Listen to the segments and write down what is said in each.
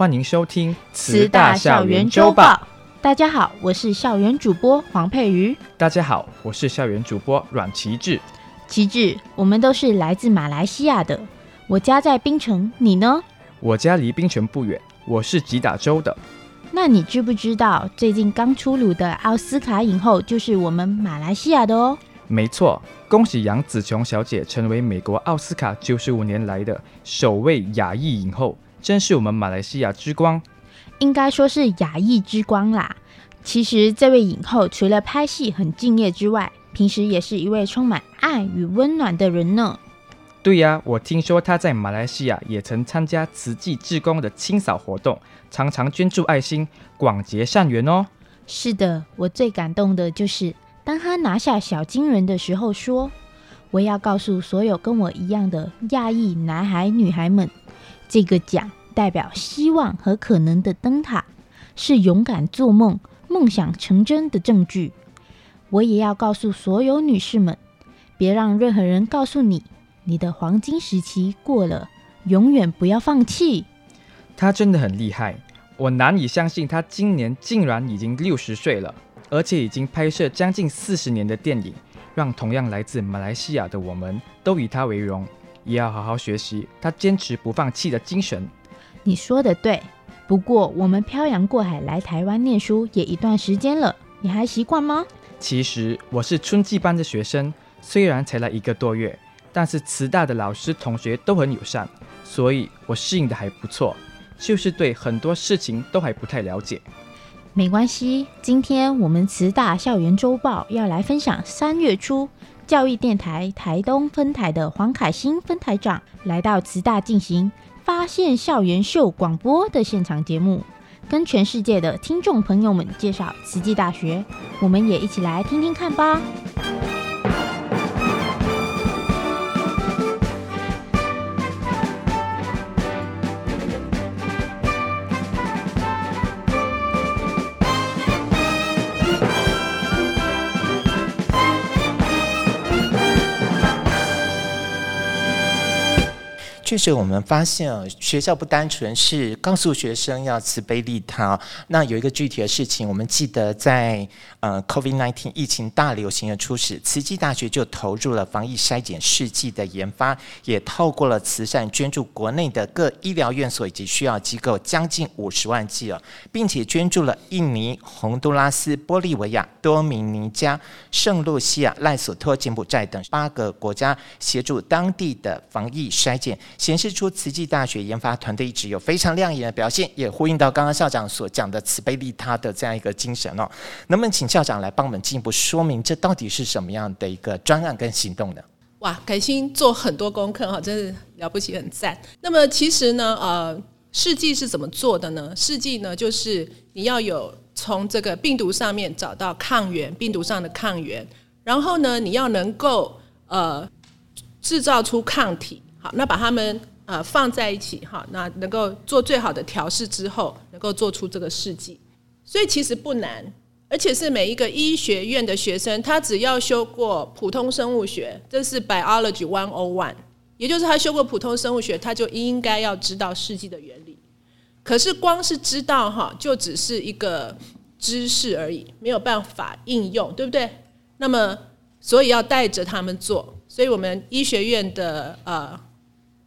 歡迎收聽《慈大校園週報》大週報。大家好，我是校園主播黃珮俞。大家好，我是校園主播阮頎智。頎智，我們都是來自馬來西亞的。我家在檳城，你呢？我家離檳城不遠，我是吉打州的。那你知不知道，最近剛出爐的奧斯卡影后就是我們馬來西亞的哦？沒錯，恭喜楊紫瓊小姐成為美國奧斯卡九十五年來的首位亞裔影後。真是我們馬來西亞之光，應該說是亞裔之光啦。其實，這位影后除了拍戲很敬業之外，平時也是一位充滿愛與溫暖的人呢。對呀、啊，我聽說她在馬來西亞也曾參加慈濟志工的清掃活動，常常捐助愛心，廣結善緣哦。是的，我最感動的就是，當他拿下小金人的時候，說：“我要告訴所有跟我一樣的亞裔男孩女孩們。”這個獎代表希望和可能的燈塔，是勇敢做夢、夢想成真的證據。我也要告訴所有女士們，別讓任何人告訴你，你的黃金時期過了，永遠不要放棄。他真的很厲害，我難以相信他今年竟然已經六十歲了，而且已經拍攝將近四十年的電影，讓同樣來自馬來西亞的我們都以他為榮。也要好好學習，他堅持不放棄的精神。你說的對，不過我們漂洋過海來台灣念書也一段時間了，你還習慣嗎？其實我是春季班的學生，雖然才來一個多月，但是慈大的老師同學都很友善，所以我適應的還不錯，就是對很多事情都還不太了解。沒關係，今天我們慈大校園週報要來分享三月初，教育電臺臺東分臺的黃凱昕分臺長來到慈大進行發現校園秀廣播的現場節目，跟全世界的聽眾朋友們介紹慈濟大學，我們也一起來聽聽看吧！確實，我們發現、哦、學校不單純是告訴學生要慈悲利他。那有一個具體的事情，我們記得在呃，COVID-19 疫情大流行的初始，慈濟大學就投入了防疫篩檢試劑的研發，也透過了慈善捐助國內的各醫療院所以及需要機構將近五十萬劑了、哦，並且捐助了印尼、宏都拉斯、玻利維亞、多明尼加、聖露西亞、賴索托、柬埔寨等八個國家，協助當地的防疫篩檢。顯示出慈濟大學研發團隊一直有非常亮眼的表現，也呼應到剛剛校長所講的慈悲利他的這樣一個精神哦。能不能請校長來幫我們進一步說明這到底是什麼樣的一個專案跟行動呢？哇，凱昕做很多功課哈，真是了不起，很讚。那麼其實呢，呃，試劑是怎麼做的呢？試劑呢，就是你要有從這個病毒上面找到抗原，病毒上的抗原，然後呢，你要能夠呃製造出抗體。好，那把他們呃放在一起哈，那能夠做最好的調試之後，能夠做出這個試劑，所以其實不難，而且是每一個醫學院的學生，他只要修過普通生物學，這是 biology one o one，也就是他修過普通生物學，他就應該要知道試劑的原理。可是光是知道哈、哦，就只是一個知識而已，沒有辦法應用，對不對？那麼所以要帶着他們做，所以我們醫學院的呃。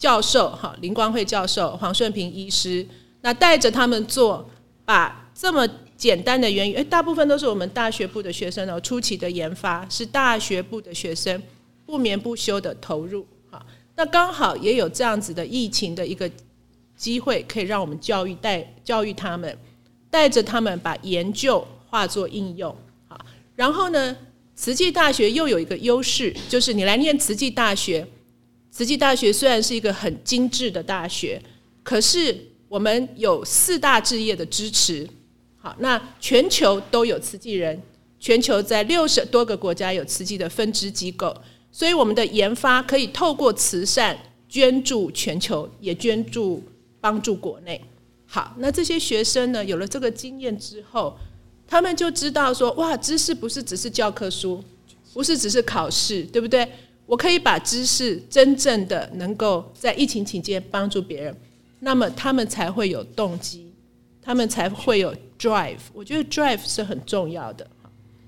教授哈，林光輝教授、黃順平醫師，那帶着他們做，把這麼簡單的原因、欸、大部分都是我們大學部的學生哦。初期的研發是大學部的學生不眠不休的投入哈。那剛好也有這樣子的疫情的一個機會，可以讓我們教育帶教育他們，帶着他們把研究化作應用啊。然後呢，慈濟大學又有一個優勢，就是你來念慈濟大學。慈濟大學雖然是一個很精緻的大學，可是我們有四大志業的支持。好，那全球都有慈濟人，全球在六十多個國家有慈濟的分支機構，所以我們的研發可以透過慈善捐助全球，也捐助幫助國內。好，那這些學生呢，有了這個經驗之後，他們就知道說：哇，知識不是只是教科書，不是只是考試，對不對？我可以把知識真正的能夠在疫情期間幫助別人，那麼他們才會有動機，他們才會有 drive。我覺得 drive 是很重要的。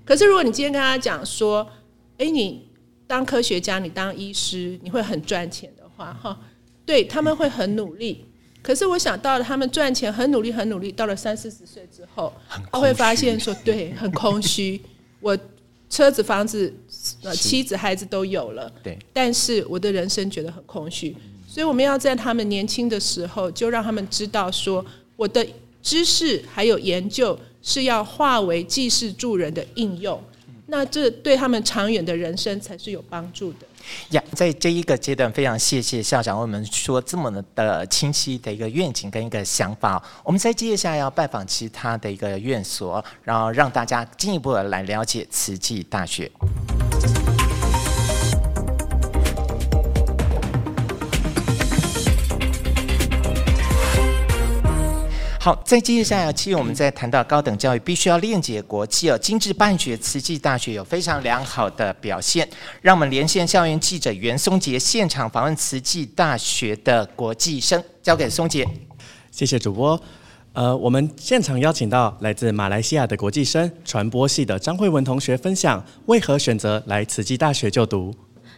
可是如果你今天跟他講說：“哎，你當科學家，你當醫師，你會很賺錢的話，哈，對他們會很努力。可是我想到了，他們賺錢很努力，很努力，到了三四十歲之後，他會發現說，對，很空虛。我。車子、房子、妻子、孩子都有了，對，但是我的人生覺得很空虛，所以我們要在他們年輕的時候就讓他們知道，說我的知識還有研究是要化為濟世助人的應用，那這對他們長遠的人生才是有幫助的。呀，yeah，在這一個階段，非常謝謝校長為我們說這麼的清晰的一個願景跟一個想法。我們在接下來要拜訪其他的一個院所，然後讓大家進一步的來了解慈濟大學。好，在接下來期，我們在談到高等教育必須要鏈接國際哦。精致辦學，慈濟大學有非常良好的表現。讓我們連線校園記者袁崧傑，現場訪問慈濟大學的國際生。交給崧傑，謝謝主播。呃，我們現場邀請到來自馬來西亞的國際生傳播系的張惠雯同學分享，為何選擇來慈濟大學就讀。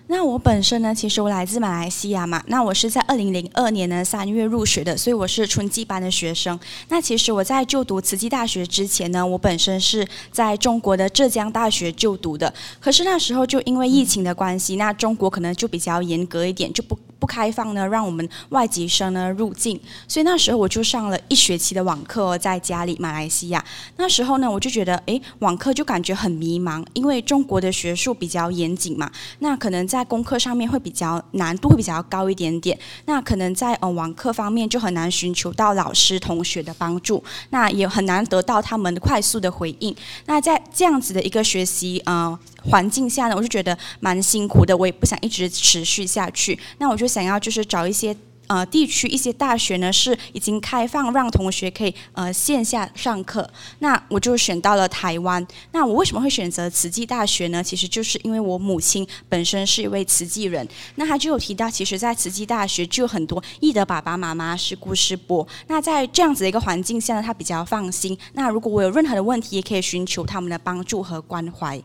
那我本身呢，其實我來自馬來西亞嘛。那我是在二零零二年呢，三月入學的，所以我是春季班的學生。那其實我在就讀慈濟大學之前呢，我本身是在中國的浙江大學就讀的。可是那時候就因為疫情的關係，那中國可能就比較嚴格一點，就不。不開放呢，讓我們外籍生呢，入境，所以那時候我就上了一學期的網課，哦，在家裡馬來西亞。那時候呢，我就覺得，誒，網課就感覺很迷茫，因為中國的學術比較嚴謹嘛，那可能在功課上面會比較難度會比較高一點點，那可能在嗯，網課方面就很難尋求到老師同學的幫助，那也很難得到他們快速的回應。那在這樣子的一個學習啊。呃環境下呢，我就覺得蠻辛苦的，我也不想一直持續下去。那我就想要就是找一些呃地區一些大學呢，是已經開放讓同學可以呃線下上課。那我就選到了台灣。那我為什麼會選擇慈濟大學呢？其實就是因為我母親本身是一位慈濟人。那她就有提到，其實，在慈濟大學就有很多懿德爸爸媽媽是故事播。那在這樣子的一個環境下呢，她比較放心。那如果我有任何的問題，也可以尋求他們的幫助和關懷。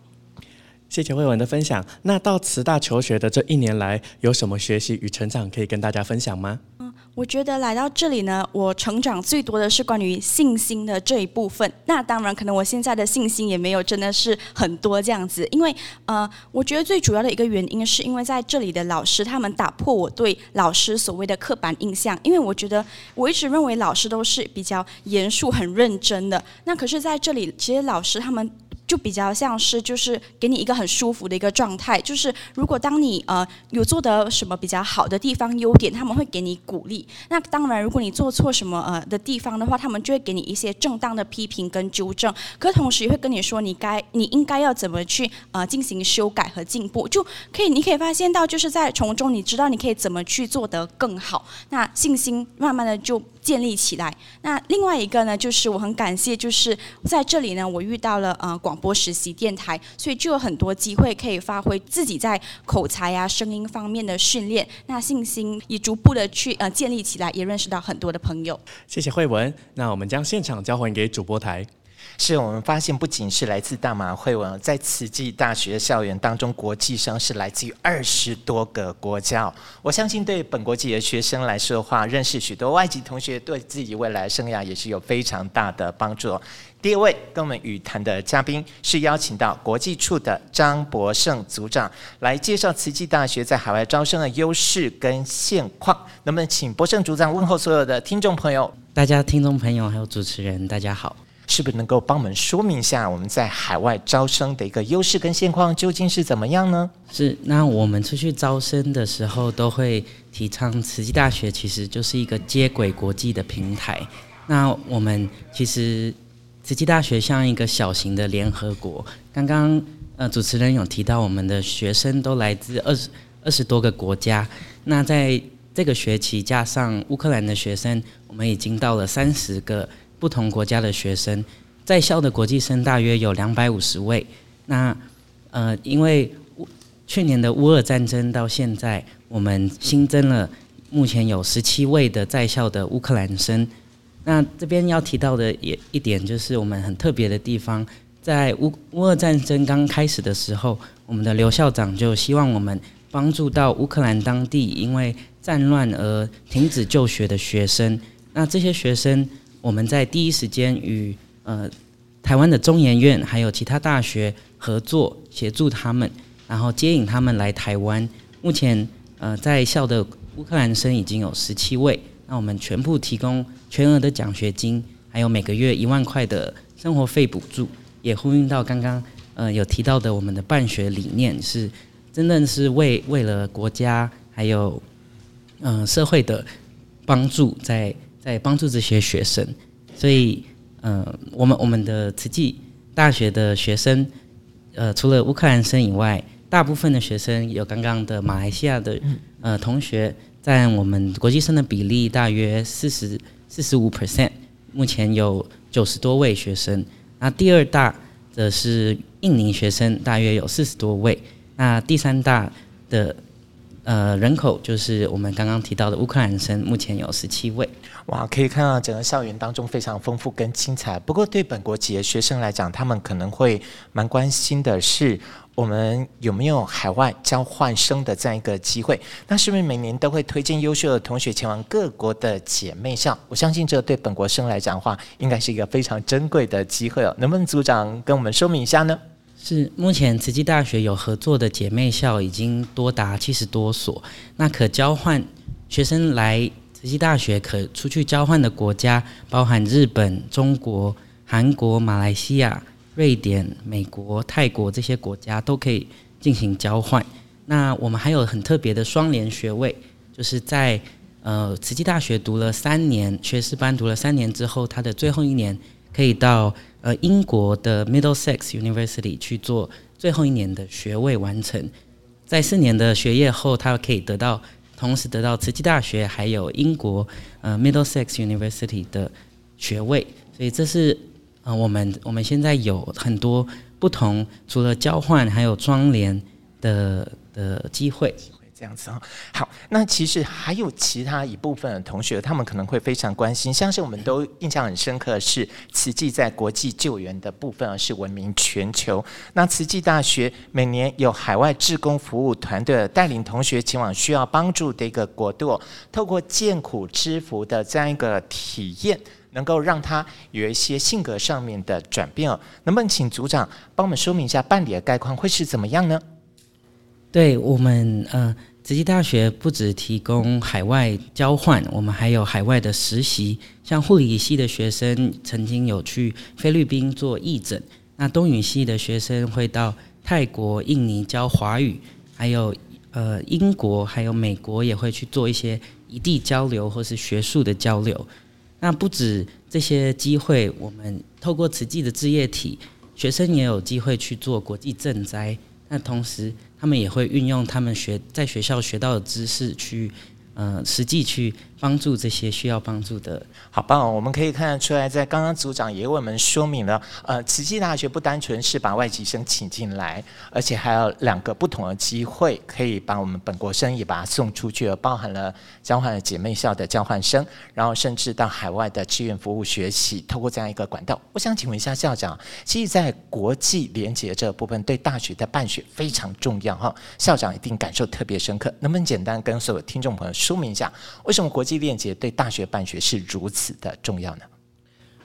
謝謝惠雯的分享。那到慈大求學的這一年來，有什麼學習與成長可以跟大家分享嗎？嗯，我覺得來到這裡呢，我成長最多的是關於信心的這一部分。那當然，可能我現在的信心也沒有真的是很多這樣子，因為呃，我覺得最主要的一個原因是因為在這裡的老師，他們打破我對老師所謂的刻板印象。因為我覺得我一直認為老師都是比較嚴肅、很認真的。那可是在這裡，其實老師他們。就比較像是，就是給你一個很舒服的一個狀態。就是如果當你呃有做得什麼比較好的地方、優點，他們會給你鼓勵。那當然，如果你做錯什麼呃的地方的話，他們就會給你一些正當的批評跟糾正。可同時也會跟你說，你該你應該要怎麼去呃進行修改和進步，就可以你可以發現到，就是在從中你知道你可以怎麼去做得更好，那信心慢慢的就。建立起來。那另外一個呢，就是我很感謝，就是在這裡呢，我遇到了呃廣播實習電台，所以就有很多機會可以發揮自己在口才啊、聲音方面的訓練，那信心也逐步的去呃建立起來，也認識到很多的朋友。謝謝惠雯，那我們將現場交還給主播台。是我們發現，不僅是來自大馬惠雯，在慈濟大學校園當中國際生是來自於二十多個國家。我相信，對本國籍的學生來說的話，認識許多外籍同學，對自己未來生涯也是有非常大的幫助。第二位跟我們語談的嘉賓，是邀請到國際處的張博聖組長來介紹慈濟大學在海外招生的優勢跟現況。能不能請博聖組長問候所有的聽眾朋友？大家，聽眾朋友還有主持人，大家好。是不是能夠幫我們說明一下，我們在海外招生的一個優勢跟現況究竟是怎麼樣呢？是，那我們出去招生的時候都會提倡，慈濟大學其實就是一個接軌國際的平台。那我們其實慈濟大學像一個小型的聯合國。剛剛呃，主持人有提到，我們的學生都來自二十二十多個國家。那在這個學期加上烏克蘭的學生，我們已經到了三十個。不同國家的學生，在校的國際生大約有兩百五十位。那呃，因為去年的烏俄戰爭到現在，我們新增了目前有十七位的在校的烏克蘭生。那這邊要提到的也一點就是，我們很特別的地方，在烏烏俄戰爭剛開始的時候，我們的劉校長就希望我們幫助到烏克蘭當地因為戰亂而停止就學的學生。那這些學生，我們在第一時間與呃台灣的中研院還有其他大學合作，協助他們，然後接引他們來台灣。目前呃在校的烏克蘭生已經有十七位，那我們全部提供全額的獎學金，還有每個月一萬塊的生活費補助。也呼應到剛剛呃有提到的，我們的辦學理念是真正是為為了國家還有嗯、呃、社會的幫助在。在幫助這些學生，所以，嗯、呃，我們我們的慈濟大學的學生，呃，除了烏克蘭生以外，大部分的學生有剛剛的馬來西亞的呃同學，占我們國際生的比例大約四十四十五 percent，目前有九十多位學生，那第二大的是印尼學生，大約有四十多位，那第三大的。呃，人口就是我們剛剛提到的烏克蘭生，目前有十七位。哇，可以看到整個校園當中非常豐富跟精彩。不過對本國籍學生來講，他們可能會蠻關心的是，我們有沒有海外交換生的這樣一個機會？那是不是每年都會推薦優秀的同學前往各國的姐妹校？我相信這對本國生來講的話，應該是一個非常珍貴的機會哦。能不能組長跟我們說明一下呢？是，目前慈濟大學有合作的姐妹校已經多達七十多所，那可交換學生來慈濟大學可出去交換的國家，包含日本、中國、韓國、馬來西亞、瑞典、美國、泰國，這些國家都可以進行交換。那我們還有很特別的雙聯學位，就是在呃慈濟大學讀了三年，學士班讀了三年之後，他的最後一年可以到。呃，英國的 Middlesex University 去做最後一年的學位完成，在四年的學業後，他可以得到同時得到慈濟大學還有英國呃 Middlesex University 的學位，所以這是呃我們我們現在有很多不同，除了交換還有雙聯的的機會。這樣子啊，好，那其實還有其他一部分的同學，他們可能會非常關心，相信，我們都印象很深刻的是，慈濟在國際救援的部分，而是聞名全球。那慈濟大學每年有海外志工服務團隊帶領同學前往需要幫助的一個國度，透過見苦知福的這樣一個體驗，能夠讓他有一些性格上面的轉變哦。能不能請組長幫我們說明一下辦理的概況會是怎麼樣呢？對我們，嗯、呃。慈濟大學不只提供海外交換，我們還有海外的實習。像護理系的學生曾經有去菲律賓做義診，那東語系的學生會到泰國、印尼教華語，還有呃英國、還有美國也會去做一些異地交流或是學術的交流。那不止這些機會，我們透過慈濟的志業體，學生也有機會去做國際賑災。那同時。他們也會運用他們學在學校學到的知識去，嗯，實際去。幫助這些需要幫助的，好棒！我們可以看得出來，在剛剛組長也為我們說明了，呃，慈濟大學不單純是把外籍生請進來，而且還有兩個不同的機會，可以把我們本國生也把它送出去，包含了交換了姐妹校的交換生，然後甚至到海外的志願服務學習，透過這樣一個管道。我想請問一下校長，其實，在國際聯結這部分對大學的辦學非常重要哈，校長一定感受特別深刻，能不能簡單跟所有聽眾朋友說明一下，為什麼國際？鏈接對大學辦學是如此的重要呢？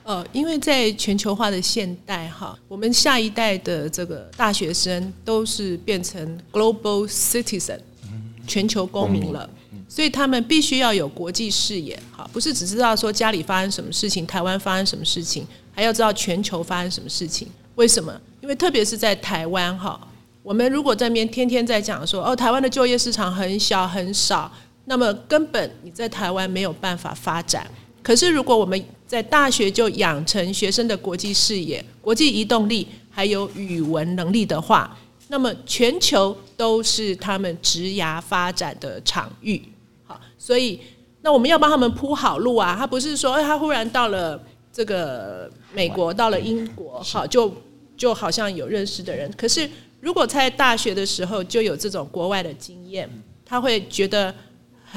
呃，因為在全球化的現代哈，我們下一代的這個大學生都是變成 global citizen，、嗯、全球公民了，嗯嗯、所以他們必須要有國際視野，哈，不是只知道說家裡發生什麼事情，台灣發生什麼事情，還要知道全球發生什麼事情。為什麼？因為特別是在台灣哈，我們如果這邊天天在講說哦，台灣的就業市場很小很少。那麼根本你在台灣沒有辦法發展。可是如果我們在大學就養成學生的國際視野、國際移動力，還有語文能力的話，那麼全球都是他們職涯發展的場域。好，所以那我們要幫他們鋪好路啊。他不是說他忽然到了這個美國，到了英國，好就就好像有認識的人。可是如果在大學的時候就有這種國外的經驗，他會覺得。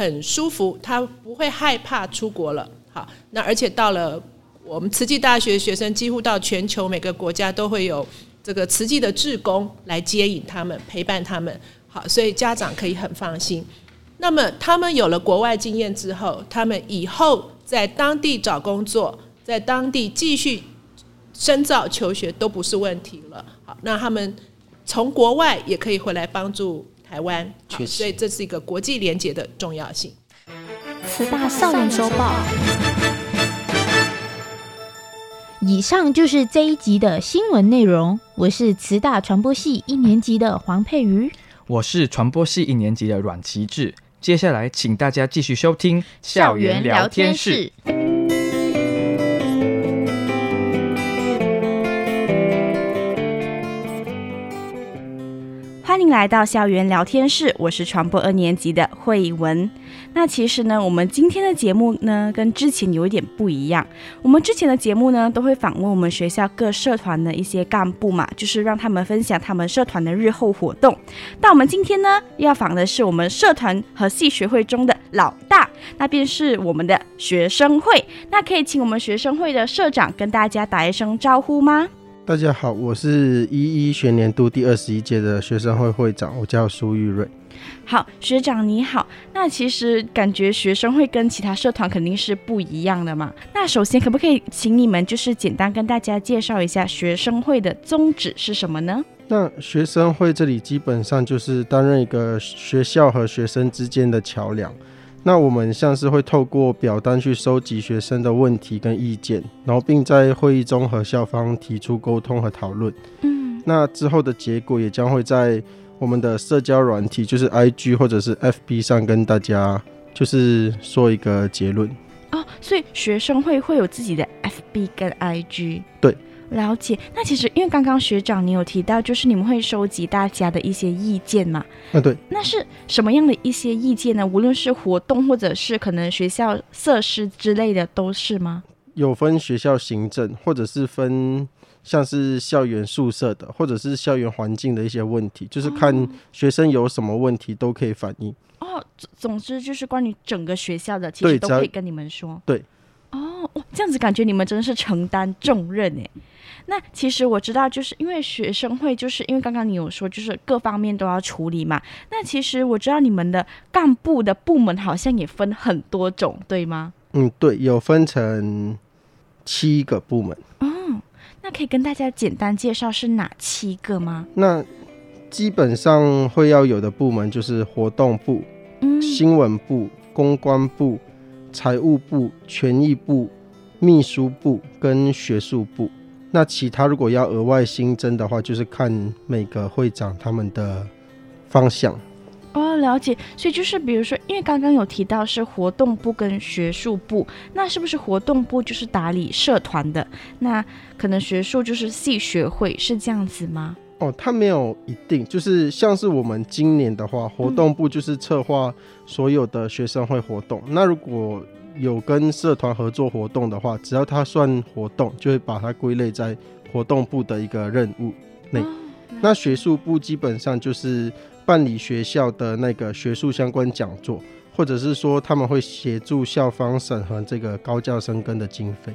很舒服，他不會害怕出國了。好，那而且到了我們慈濟大學學生，幾乎到全球每個國家都會有這個慈濟的志工來接引他們、陪伴他們。好，所以家長可以很放心。那麼他們有了國外經驗之後，他們以後在當地找工作、在當地繼續深造求學都不是問題了。好，那他們從國外也可以回來幫助。台灣，所以這是一個國際連結的重要性。慈大少年週報，以上就是這一集的新聞內容。我是慈大傳播系一年級的黃珮俞，我是傳播系一年級的阮頎智。接下來，請大家繼續收聽校園聊天室。歡迎來到校園聊天室，我是傳播二年級的惠雯。那其實呢，我們今天的節目呢，跟之前有一點不一樣。我們之前的節目呢，都會訪問我們學校各社團的一些幹部嘛，就是讓他們分享他們社團的日後活動。但我們今天呢，要訪的是我們社團和系學會中的老大，那便是我們的學生會。那可以請我們學生會的社長跟大家打一聲招呼嗎？大家好，我是一一學年度第二十一屆的學生會會長，我叫蘇昱叡。好，學長你好。那其實感覺學生會跟其他社團肯定是不一樣的嘛。那首先，可不可以請你們就是簡單跟大家介紹一下學生會的宗旨是什麼呢？那學生會這裡基本上就是擔任一個學校和學生之間的橋梁。那我們像是會透過表單去收集學生的問題跟意見，然後並在會議中和校方提出溝通和討論。嗯，那之後的結果也將會在我們的社交軟體，就是 IG 或者是 FB 上跟大家就是說一個結論。哦，所以學生會會有自己的 FB 跟 IG。對。了解，那其實因為剛剛學長你有提到，就是你們會收集大家的一些意見嘛？那、啊、對。那是什麼樣的一些意見呢？無論是活動，或者是可能學校設施之類的，都是嗎？有分學校行政，或者是分像是校園宿舍的，或者是校園環境的一些問題，就是看學生有什麼問題都可以反映。哦。哦，總之就是關於整個學校的，其實都可以跟你們說。對。對哦，這樣子感覺你們真的是承擔重任哎。那其實我知道，就是因為學生會，就是因為剛剛你有說，就是各方面都要處理嘛。那其實我知道你們的幹部的部門好像也分很多種，對嗎？嗯，對，有分成七個部門。哦、嗯，那可以跟大家簡單介紹是哪七個嗎？那基本上會要有的部門就是活動部、嗯、新聞部、公關部、財務部、權益部、秘書部、秘書部跟學術部。那其他如果要額外新增的話，就是看每個會長他們的方向。哦，了解。所以就是，比如說，因為剛剛有提到是活動部跟學術部，那是不是活動部就是打理社團的？那可能學術就是系學會，是這樣子嗎？哦，他沒有一定，就是像是我們今年的話，活動部就是策劃所有的學生會活動。嗯。那如果有跟社團合作活動的話，只要他算活動，就會把它歸類在活動部的一個任務內。那學術部基本上就是辦理學校的那個學術相關講座，或者是說他們會協助校方審核這個高教深耕的經費。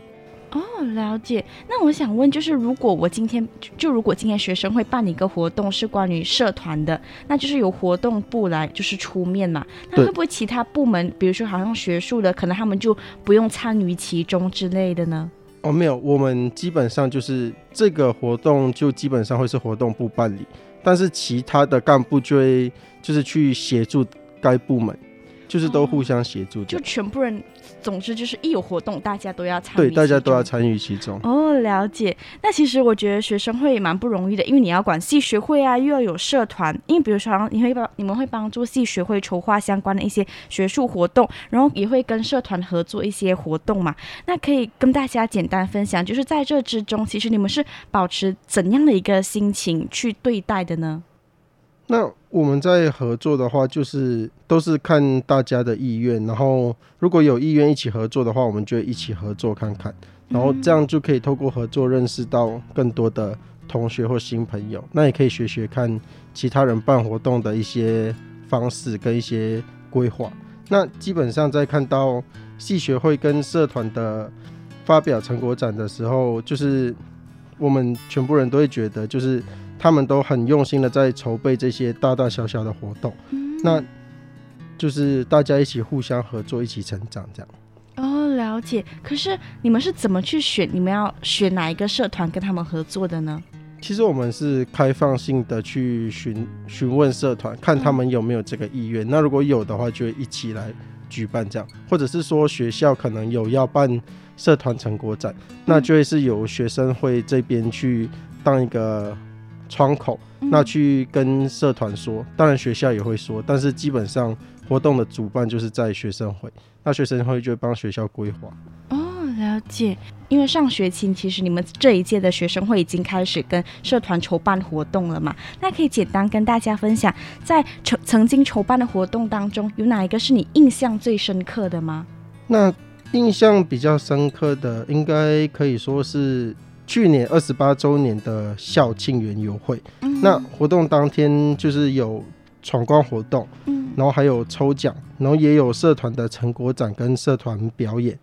哦，了解。那我想問，就是如果我今天就如果今天學生會辦理一個活動是關於社團的，那就是由活動部來就是出面嘛？那會不會其他部門，比如說好像學術的，可能他們就不用參與其中之類的呢？哦，沒有，我們基本上就是這個活動就基本上會是活動部辦理，但是其他的幹部就會就是去協助該部門。就是都互相協助，哦，就全部人，總之就是一有活動，大家都要參與，對，大家都要參與其中。哦，了解。那其實我覺得學生會也蠻不容易的，因為你要管系學會啊，又要有社團，因為比如說你會幫你們會幫助系學會籌劃相關的一些學術活動，然後也會跟社團合作一些活動嘛。那可以跟大家簡單分享，就是在這之中，其實你們是保持怎樣的一個心情去對待的呢？那。我們在合作的話，就是都是看大家的意願，然後如果有意願一起合作的話，我們就一起合作看看，然後這樣就可以透過合作認識到更多的同學或新朋友，那也可以學學看其他人辦活動的一些方式跟一些規劃。那基本上在看到系學會跟社團的發表成果展的時候，就是我們全部人都會覺得就是。他們都很用心的在籌備這些大大小小的活動，嗯、那就是大家一起互相合作，一起成長這樣。哦，了解。可是你們是怎麼去選？你們要選哪一個社團跟他們合作的呢？其實我們是開放性的去詢詢問社團，看他們有沒有這個意願。嗯、那如果有的話，就一起來舉辦這樣。或者是說學校可能有要辦社團成果展，嗯、那就會是由學生會這邊去當一個。窗口那去跟社團說，嗯、當然學校也會說，但是基本上活動的主辦就是在學生會，那學生會就會幫學校規劃。哦，了解。因為上學期其實你們這一屆的學生會已經開始跟社團籌辦活動了嘛，那可以簡單跟大家分享，在曾曾經籌辦的活動當中，有哪一個是你印象最深刻的嗎？那印象比較深刻的，應該可以說是。去年二十八週年的校慶園遊會，嗯、哼那活動當天就是有闖關活動，嗯、然後還有抽獎，然後也有社團的成果展跟社團表演，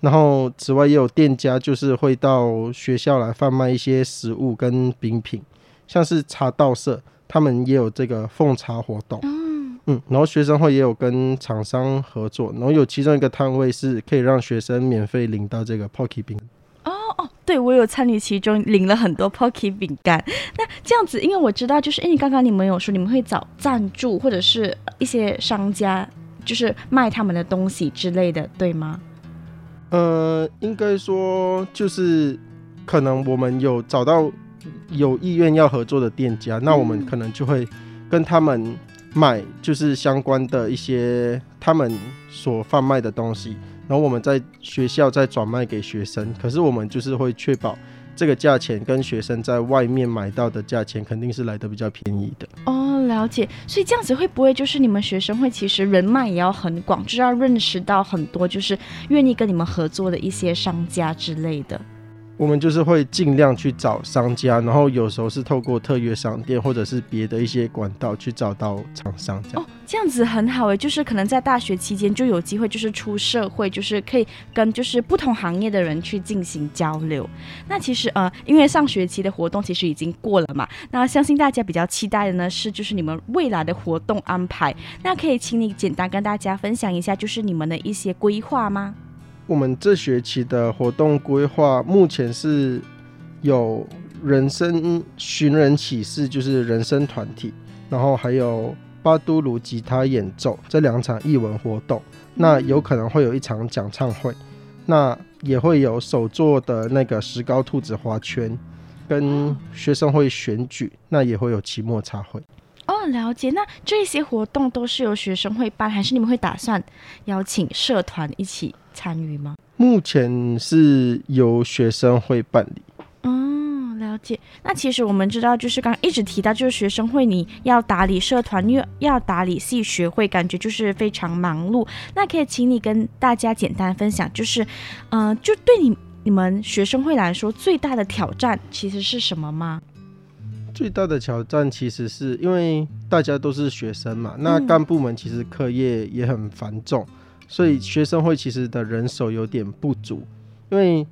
然後此外也有店家就是會到學校來販賣一些食物跟餅品，像是茶道社他們也有這個奉茶活動，嗯，嗯，然後學生會也有跟廠商合作，然後有其中一個攤位是可以讓學生免費領到這個 Pocky 餅。哦，對，我有參與其中，領了很多 Pocky 餅乾。那這樣子，因為我知道，就是，哎，因為剛剛你們有說你們會找贊助或者是一些商家，就是賣他們的東西之類的，對嗎？呃，應該說就是，可能我們有找到有意願要合作的店家，嗯、那我們可能就會跟他們賣，就是相關的一些他們所販賣的東西。然後我們在學校再轉賣給學生，可是我們就是會確保這個價錢跟學生在外面買到的價錢肯定是來得比較便宜的。哦，了解。所以這樣子會不會就是你們學生會其實人脈也要很廣，就要認識到很多就是願意跟你們合作的一些商家之類的。我們就是會盡量去找商家，然後有時候是透過特約商店或者是別的一些管道去找到廠商。哦，這樣子很好誒，就是可能在大學期間就有機會，就是出社會，就是可以跟就是不同行業的人去進行交流。那其實呃，因為上學期的活動其實已經過了嘛，那相信大家比較期待的呢是就是你們未來的活動安排。那可以請你簡單跟大家分享一下，就是你們的一些規劃嗎？我們這學期的活動規劃目前是有人聲尋人啟事，就是人聲團體，然後還有巴都魯吉他演奏這兩場藝文活動。那有可能會有一場講唱會，那也會有手作的那個石膏兔子花圈，跟學生會選舉。那也會有期末茶會。哦，了解。那這些活動都是由學生會辦，還是你們會打算邀請社團一起參與嗎？目前是由學生會辦理。哦，了解。那其實我們知道，就是剛一直提到，就是學生會你要打理社團，要要打理系學會，感覺就是非常忙碌。那可以請你跟大家簡單分享，就是，嗯、呃，就對你你們學生會來說，最大的挑戰其實是什麼嗎？最大的挑戰其實是因為大家都是學生嘛，那幹部們其實課業也很繁重，所以學生會其實的人手有點不足。因為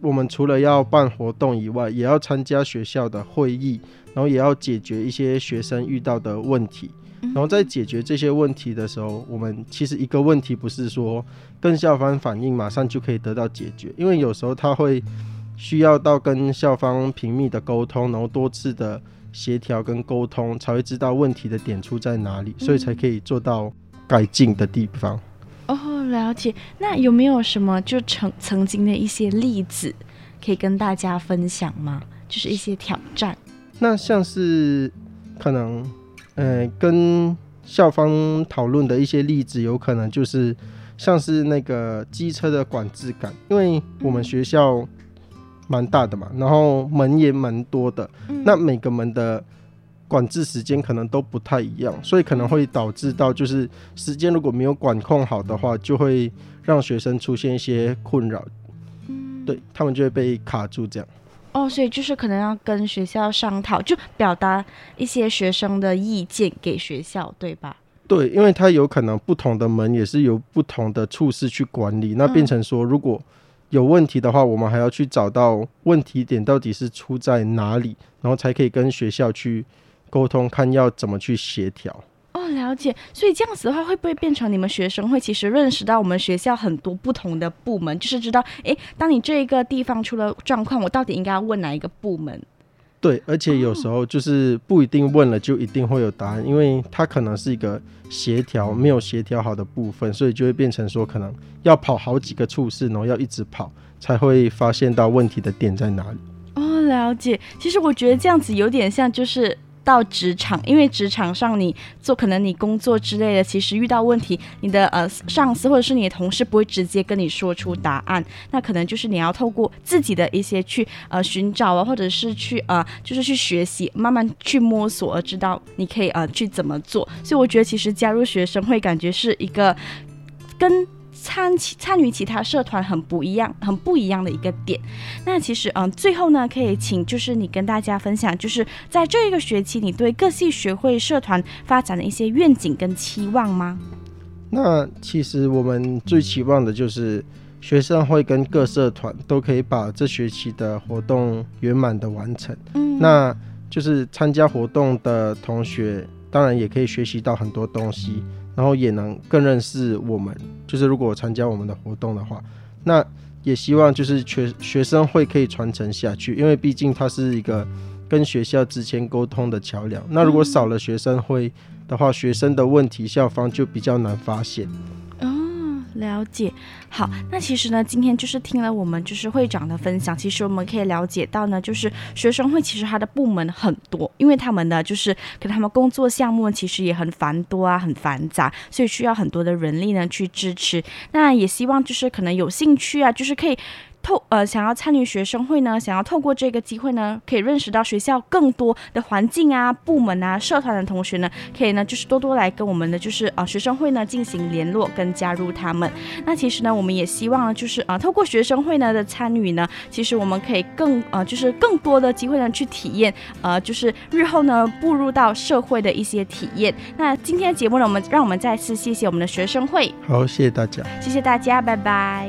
我們除了要辦活動以外，也要參加學校的會議，然後也要解決一些學生遇到的問題。然後在解決這些問題的時候，我們其實一個問題不是說跟校方反映馬上就可以得到解決，因為有時候他會。需要到跟校方頻密的溝通，然後多次的協調跟溝通，才會知道問題的點出在哪裡，嗯、所以才可以做到改進的地方。哦，了解。那有沒有什麼就曾曾經的一些例子可以跟大家分享嗎？就是一些挑戰。那像是可能，嗯、呃，跟校方討論的一些例子，有可能就是像是那個機車的管制感，因為我們學校、嗯。蠻大的嘛，然後門也蠻多的，嗯、那每個門的管制時間可能都不太一樣，所以可能會導致到就是時間如果沒有管控好的話，就會讓學生出現一些困擾，嗯、對，他們就會被卡住這樣。哦，所以就是可能要跟學校商討，就表達一些學生的意見給學校，對吧？對，因為他有可能不同的門也是由不同的處室去管理，嗯、那變成說如果。有問題的話，我們還要去找到問題點到底是出在哪裡，然後才可以跟學校去溝通，看要怎麼去協調。哦，了解。所以這樣子的話，會不會變成你們學生會其實認識到我們學校很多不同的部門，就是知道，誒，當你這一個地方出了狀況，我到底應該要問哪一個部門？對，而且有時候就是不一定問了，就一定會有答案，哦、因為它可能是一個協調沒有協調好的部分，所以就會變成說可能要跑好幾個處室，然後要一直跑，才會發現到問題的點在哪裡。哦，了解。其實我覺得這樣子有點像就是。到職場，因為職場上你做可能你工作之類的，其實遇到問題，你的呃上司或者是你的同事不會直接跟你說出答案，那可能就是你要透過自己的一些去呃尋找啊，或者是去呃就是去學習，慢慢去摸索，而知道你可以呃去怎麼做。所以我覺得其實加入學生會感覺是一個跟參其參與其他社團很不一樣，很不一樣的一個點。那其實，嗯，最後呢，可以請就是你跟大家分享，就是在這一個學期，你對各系學會社團發展的一些願景跟期望嗎？那其實我們最期望的就是學生會跟各社團都可以把這學期的活動圓滿的完成。嗯哼，那就是參加活動的同學，當然也可以學習到很多東西。然後也能更認識我們，就是如果參加我們的活動的話，那也希望就是學學生會可以傳承下去，因為畢竟它是一個跟學校之間溝通的橋梁。那如果少了學生會的話，學生的問題校方就比較難發現。了解，好，那其實呢，今天就是聽了我們就是會長的分享，其實我們可以了解到呢，就是學生會其實它的部門很多，因為他們呢，就是可能他們工作項目其實也很繁多啊，很繁雜，所以需要很多的人力呢去支持。那也希望就是可能有興趣啊，就是可以。透呃想要參與學生會呢，想要透過這個機會呢，可以認識到學校更多的環境啊、部門啊、社團的同學呢，可以呢就是多多來跟我們的就是啊、呃、學生會呢進行聯絡跟加入他們。那其實呢，我們也希望呢就是啊、呃、透過學生會呢的參與呢，其實我們可以更呃就是更多的機會呢去體驗，呃就是日後呢步入到社會的一些體驗。那今天的節目呢，我們讓我們再次謝謝我們的學生會。好，謝謝大家，謝謝大家，拜拜。